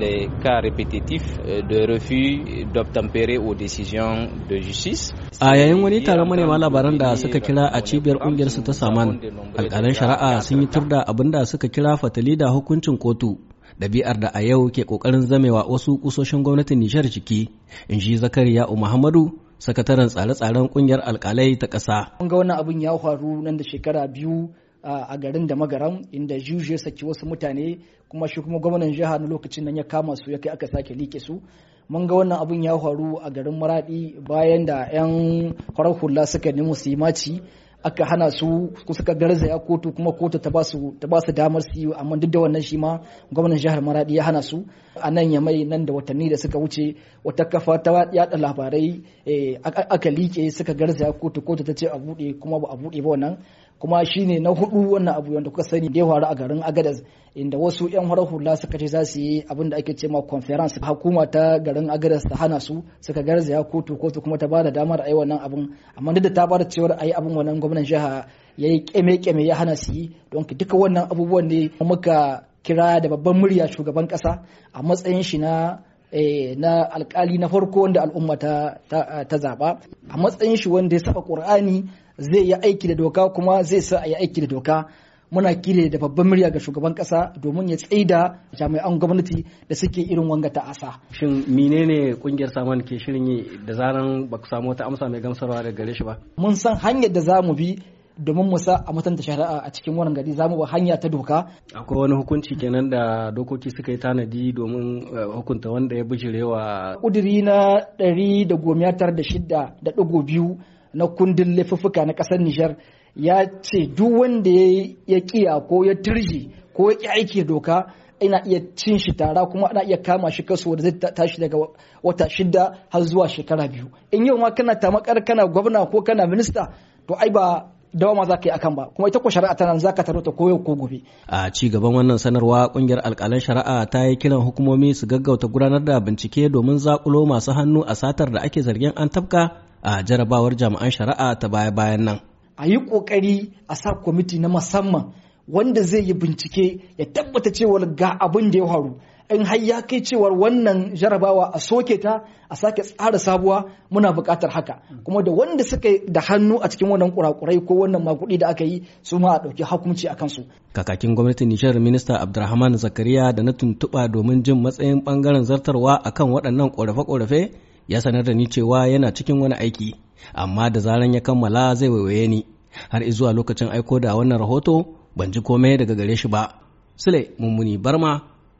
les cas répétitifs euh, de refus d'obtempérer aux décisions de justice. A yayin wani taron manema labaran da suka kira a cibiyar kungiyar su ta saman, alƙalan shari'a sun yi turda abin da suka kira fatali da hukuncin kotu. dabi'ar da a yau ke ƙoƙarin zamewa wasu kusoshin gwamnatin Nijar jiki in ji Zakariya Muhammadu, sakataren tsare-tsaren kungiyar alkalai ta ƙasa. kunga ga wannan abin ya faru nan da shekara biyu a garin da magaram inda juju ya saki wasu mutane kuma shi kuma gwamnan jiha na lokacin nan ya kama su ya kai aka sake like su mun ga wannan abun ya faru a garin maradi bayan da 'yan farar hula suka nemo su yi maci aka hana su suka garzaya kotu kuma kotu ta ba su damar su yi amma duk da wannan shi ma gwamnan jihar maradi ya hana su a nan ya mai nan da watanni da suka wuce wata kafa ta yada labarai eh, aka like suka garzaya kotu kotu ta ce a bude kuma ba a bude ba wannan kuma shi ne na hudu wannan abu wanda kuka sani da ya faru a garin agadez inda wasu yan farar hula suka ce za su yi abin da ake ce cewa conference hukuma ta garin agadas ta hana su suka garzaya kotu kotu kuma ta ba da damar ayi wannan abun amma duk da ta ba da cewar ayi abin wannan gwamnan jiha ya yi keme-keme ya hana su yi don duka wannan abubuwan ne muka kira da babban murya shugaban kasa a matsayin shi na Eh, na alkali na farko wanda al'umma ta zaba a matsayin shi wanda ya saba qur'ani zai yi aiki da doka kuma zai sa a yi aiki da doka muna kire da babban murya ga shugaban kasa domin ya tsaida jami'an gwamnati da suke irin wanga ta asa. Shin menene kungiyar saman ke shirin yi da zaran ba ku samu wata amsa mai gamsarwa daga gare shi ba? Mun san hanyar da za mu bi domin musa sa a mutunta shari'a a cikin wannan gari zamu ba hanya ta doka akwai wani hukunci kenan da dokoki suka yi tanadi domin eh, hukunta wanda ya bijirewa kudiri na ɗari da da da ɗigo biyu na kundin laifuffuka na ƙasar Nijar ya ce duk wanda ya kiya ko ya turji ko ya ki aiki doka ina iya cin shi tara kuma ana iya kama shi kaso da zai tashi daga wata shida har zuwa shekara biyu in yau ma kana tamakar kana gwamna ko kana minista to ai ba dawama za ka yi akan ba kuma ita ko shari'a tana za ka taro ta koyo ko gobe. a ci gaban wannan sanarwa kungiyar alkalan shari'a ta yi kiran hukumomi su gaggauta gudanar da bincike domin zakulo masu hannu a satar da ake zargin an tabka a jarabawar jami'an shari'a ta baya bayan nan. a yi kokari a sa kwamiti na musamman wanda zai yi bincike ya tabbata cewa ga abin da ya faru in har ya kai cewar wannan jarabawa a soke ta a sake tsara sabuwa muna buƙatar haka kuma da wanda suka da hannu a cikin wannan kurakurai ko wannan makudi da aka yi su ma a ɗauki hukunci a kansu. Kakakin gwamnatin Nishar Minista Abdulrahman Zakariya da na tuntuɓa domin jin matsayin ɓangaren zartarwa akan waɗannan ƙorafe-ƙorafe ya sanar da ni cewa yana cikin wani aiki amma da zaran ya kammala zai waiwaye ni har izuwa lokacin aiko da wannan rahoto ban ji komai daga gare shi ba. Sule Mummuni Barma